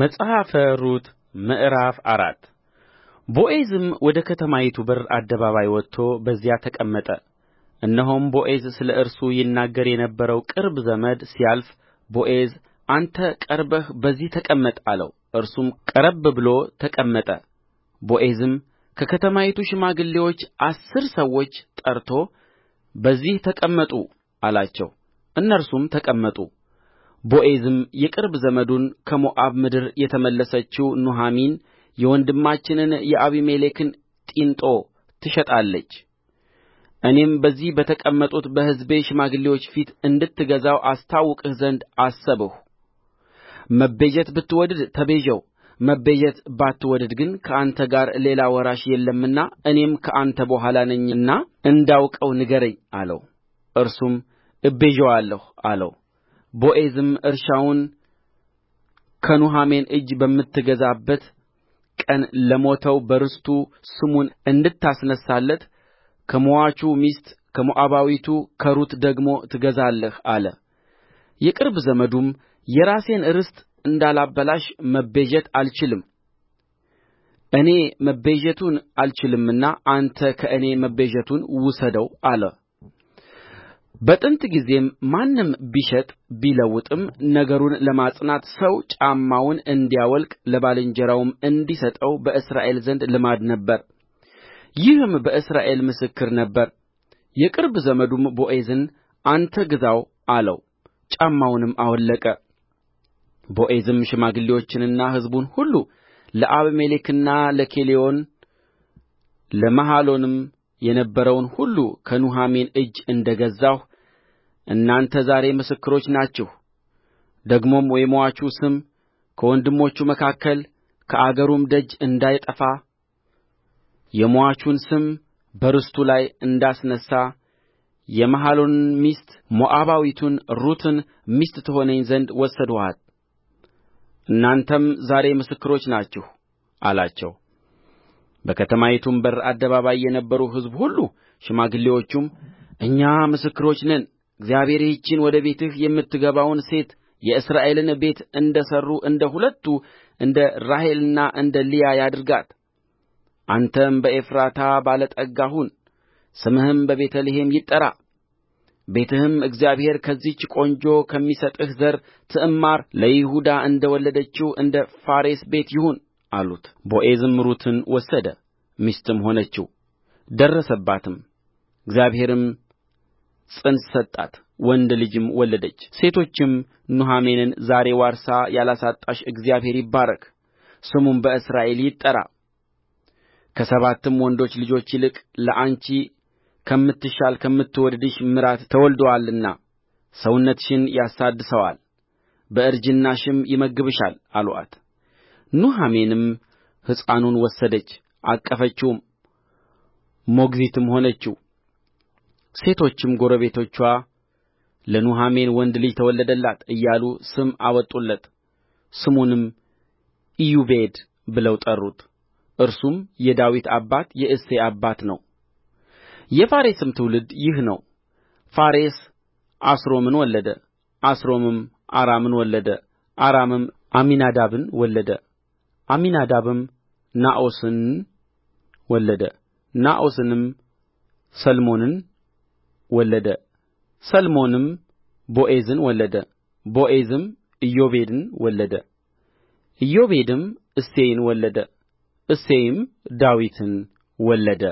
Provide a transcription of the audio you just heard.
መጽሐፈ ሩት ምዕራፍ አራት ቦዔዝም ወደ ከተማይቱ በር አደባባይ ወጥቶ በዚያ ተቀመጠ። እነሆም ቦዔዝ ስለ እርሱ ይናገር የነበረው ቅርብ ዘመድ ሲያልፍ ቦዔዝ አንተ ቀርበህ በዚህ ተቀመጥ አለው። እርሱም ቀረብ ብሎ ተቀመጠ። ቦዔዝም ከከተማይቱ ሽማግሌዎች አሥር ሰዎች ጠርቶ በዚህ ተቀመጡ አላቸው። እነርሱም ተቀመጡ። ቦዔዝም የቅርብ ዘመዱን ከሞዓብ ምድር የተመለሰችው ኑኃሚን የወንድማችንን የአቢሜሌክን ጢንጦ ትሸጣለች እኔም በዚህ በተቀመጡት በሕዝቤ ሽማግሌዎች ፊት እንድትገዛው አስታውቅህ ዘንድ አሰብሁ መቤዠት ብትወድድ ተቤዠው መቤዠት ባትወድድ ግን ከአንተ ጋር ሌላ ወራሽ የለምና እኔም ከአንተ በኋላ ነኝና እንዳውቀው ንገረኝ አለው እርሱም እቤዠዋለሁ አለው ቦዔዝም እርሻውን ከኑኃሚን እጅ በምትገዛበት ቀን ለሞተው በርስቱ ስሙን እንድታስነሣለት ከምዋቹ ሚስት ከሞዓባዊቱ ከሩት ደግሞ ትገዛለህ አለ። የቅርብ ዘመዱም የራሴን ርስት እንዳላበላሽ መቤዠት አልችልም፣ እኔ መቤዠቱን አልችልምና አንተ ከእኔ መቤዠቱን ውሰደው አለ። በጥንት ጊዜም ማንም ቢሸጥ ቢለውጥም ነገሩን ለማጽናት ሰው ጫማውን እንዲያወልቅ ለባልንጀራውም እንዲሰጠው በእስራኤል ዘንድ ልማድ ነበረ ይህም በእስራኤል ምስክር ነበረ የቅርብ ዘመዱም ቦዔዝን አንተ ግዛው አለው ጫማውንም አወለቀ ቦዔዝም ሽማግሌዎችንና ሕዝቡን ሁሉ ለአቤሜሌክና ለኬሌዎን ለመሐሎንም የነበረውን ሁሉ ከኑኃሚን እጅ እንደ ገዛሁ እናንተ ዛሬ ምስክሮች ናችሁ ደግሞም የሟቹ ስም ከወንድሞቹ መካከል ከአገሩም ደጅ እንዳይጠፋ የምዋቹን ስም በርስቱ ላይ እንዳስነሣ የመሐሎንን ሚስት ሞዓባዊቱን ሩትን ሚስት ትሆነኝ ዘንድ ወሰድሁአት እናንተም ዛሬ ምስክሮች ናችሁ አላቸው። በከተማይቱም በር አደባባይ የነበሩ ሕዝብ ሁሉ ሽማግሌዎቹም እኛ ምስክሮች ነን እግዚአብሔር ይህችን ወደ ቤትህ የምትገባውን ሴት የእስራኤልን ቤት እንደ ሠሩ እንደ ሁለቱ እንደ ራሔልና እንደ ልያ ያድርጋት አንተም በኤፍራታ ባለ ጠጋ ሁን ስምህም በቤተ ልሔም ይጠራ ቤትህም እግዚአብሔር ከዚህች ቆንጆ ከሚሰጥህ ዘር ትዕማር ለይሁዳ እንደ ወለደችው እንደ ፋሬስ ቤት ይሁን አሉት ቦዔዝም ሩትን ወሰደ ሚስትም ሆነችው ደረሰባትም እግዚአብሔርም ፅንስ ሰጣት ወንድ ልጅም ወለደች ሴቶችም ኑኃሚንን ዛሬ ዋርሳ ያላሳጣሽ እግዚአብሔር ይባረክ ስሙም በእስራኤል ይጠራ ከሰባትም ወንዶች ልጆች ይልቅ ለአንቺ ከምትሻል ከምትወድድሽ ምራት ተወልዶአልና ሰውነትሽን ያሳድሰዋል በእርጅናሽም ይመግብሻል አሉአት ኑኃሚንም ሕፃኑን ወሰደች አቀፈችውም ሞግዚትም ሆነችው ሴቶችም ጎረቤቶችዋ ለኑኃሚን ወንድ ልጅ ተወለደላት እያሉ ስም አወጡለት ስሙንም ኢዮቤድ ብለው ጠሩት እርሱም የዳዊት አባት የእሴይ አባት ነው የፋሬስም ትውልድ ይህ ነው ፋሬስ አስሮምን ወለደ አስሮምም አራምን ወለደ አራምም አሚናዳብን ወለደ አሚናዳብም ናኦስን ወለደ ናኦስንም ሰልሞንን ወለደ ሰልሞንም ቦዔዝን ወለደ ቦዔዝም ኢዮቤድን ወለደ ኢዮቤድም እሴይን ወለደ እሴይም ዳዊትን ወለደ